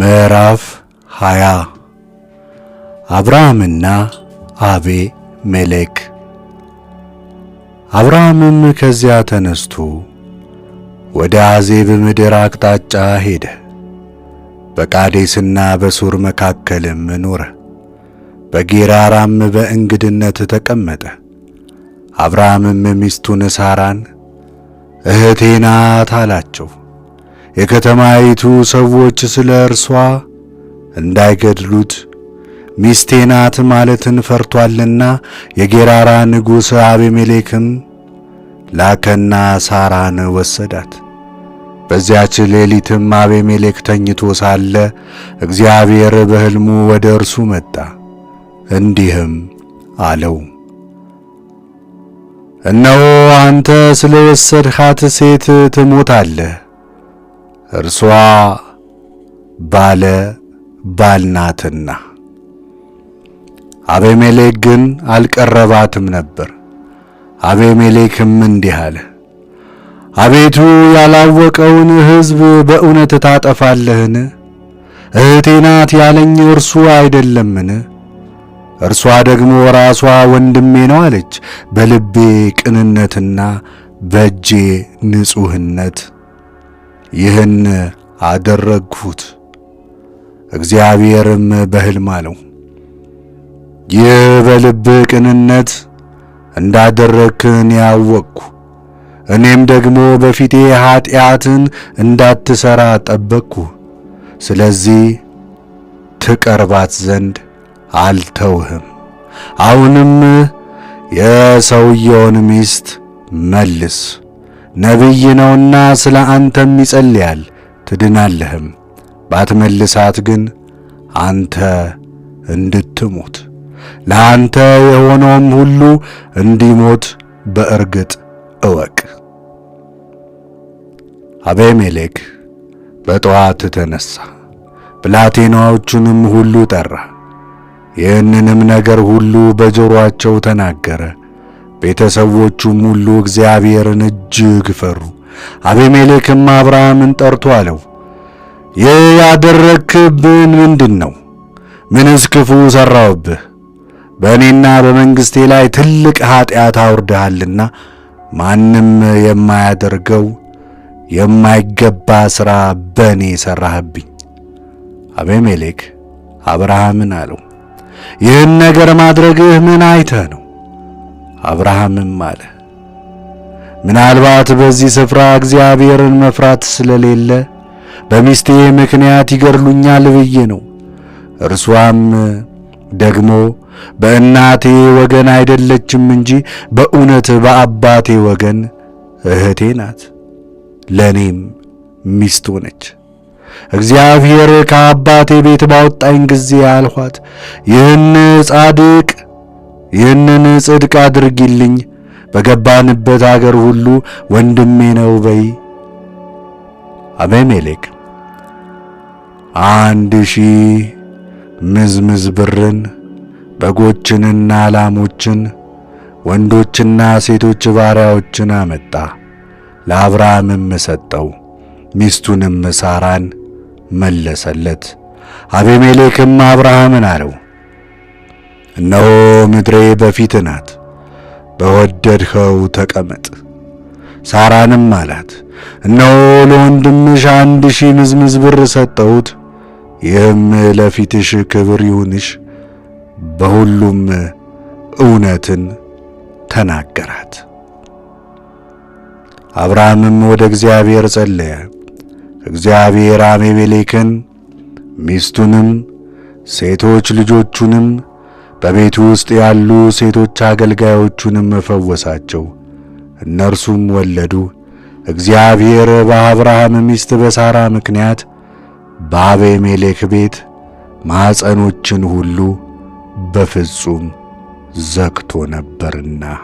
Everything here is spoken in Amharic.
ምዕራፍ 20 አብርሃምና አቤ አቤሜሌክ። አብርሃምም ከዚያ ተነስቶ ወደ አዜብ ምድር አቅጣጫ ሄደ። በቃዴስና በሱር መካከልም ኖረ። በጌራራም በእንግድነት ተቀመጠ። አብርሃምም ሚስቱን ሳራን እህቴ ናት አላቸው። የከተማይቱ ሰዎች ስለ እርሷ እንዳይገድሉት ሚስቴ ናት ማለትን ፈርቷልና የጌራራ ንጉሥ አቤሜሌክም ላከና ሳራን ወሰዳት። በዚያች ሌሊትም አቤሜሌክ ተኝቶ ሳለ እግዚአብሔር በሕልሙ ወደ እርሱ መጣ፣ እንዲህም አለው እነሆ አንተ ስለ ወሰድሃት ሴት ትሞታለህ እርሷ ባለ ባል ናትና። አቤሜሌክ ግን አልቀረባትም ነበር። አቤሜሌክም እንዲህ አለ፣ አቤቱ ያላወቀውን ሕዝብ በእውነት ታጠፋለህን? እህቴ ናት ያለኝ እርሱ አይደለምን? እርሷ ደግሞ ራሷ ወንድሜ ነው አለች። በልቤ ቅንነትና በእጄ ንጹሕነት ይህን አደረግሁት። እግዚአብሔርም በሕልም አለው ይህ በልብ ቅንነት እንዳደረግህን ያወቅኩ፣ እኔም ደግሞ በፊቴ ኀጢአትን እንዳትሠራ ጠበቅኩ። ስለዚህ ትቀርባት ዘንድ አልተውህም። አሁንም የሰውየውን ሚስት መልስ። ነቢይ ነውና ስለ አንተም ይጸልያል ትድናለህም፣ ባትመልሳት ግን አንተ እንድትሞት ለአንተ የሆነውም ሁሉ እንዲሞት በእርግጥ እወቅ። አቤሜሌክ በጠዋት ተነሣ፣ ብላቴናዎቹንም ሁሉ ጠራ፣ ይህንንም ነገር ሁሉ በጆሮአቸው ተናገረ። ቤተሰቦቹም ሁሉ እግዚአብሔርን እጅግ ፈሩ። አቤሜሌክም አብርሃምን ጠርቶ አለው፣ ይህ ያደረግክብን ምንድን ነው? ምንስ ክፉ ሠራውብህ? በእኔና በመንግሥቴ ላይ ትልቅ ኀጢአት አውርደሃልና ማንም የማያደርገው የማይገባ ሥራ በእኔ ሠራህብኝ። አቤሜሌክ አብርሃምን አለው፣ ይህን ነገር ማድረግህ ምን አይተህ ነው? አብርሃምም አለ፣ ምናልባት በዚህ ስፍራ እግዚአብሔርን መፍራት ስለሌለ በሚስቴ ምክንያት ይገድሉኛል ብዬ ነው። እርሷም ደግሞ በእናቴ ወገን አይደለችም እንጂ በእውነት በአባቴ ወገን እህቴ ናት፣ ለእኔም ሚስት ሆነች። እግዚአብሔር ከአባቴ ቤት ባወጣኝ ጊዜ አልኋት፣ ይህን ጻድቅ ይህን ጽድቅ አድርጊልኝ፣ በገባንበት አገር ሁሉ ወንድሜ ነው በይ። አቤሜሌክ አንድ ሺህ ምዝምዝ ብርን በጎችንና ላሞችን ወንዶችና ሴቶች ባሪያዎችን አመጣ። ለአብርሃምም ሰጠው፣ ሚስቱንም ሳራን መለሰለት። አቤሜሌክም አብርሃምን አለው እነሆ ምድሬ በፊት ናት፣ በወደድኸው ተቀመጥ። ሳራንም አላት፣ እነሆ ለወንድምሽ አንድ ሺህ ምዝምዝ ብር ሰጠሁት፣ ይህም ለፊትሽ ክብር ይሁንሽ። በሁሉም እውነትን ተናገራት። አብርሃምም ወደ እግዚአብሔር ጸለየ። እግዚአብሔር አቤሜሌክን ሚስቱንም ሴቶች ልጆቹንም በቤቱ ውስጥ ያሉ ሴቶች አገልጋዮቹንም ፈወሳቸው። እነርሱም ወለዱ። እግዚአብሔር በአብርሃም ሚስት በሳራ ምክንያት በአቤሜሌክ ቤት ማኅፀኖችን ሁሉ በፍጹም ዘግቶ ነበርና።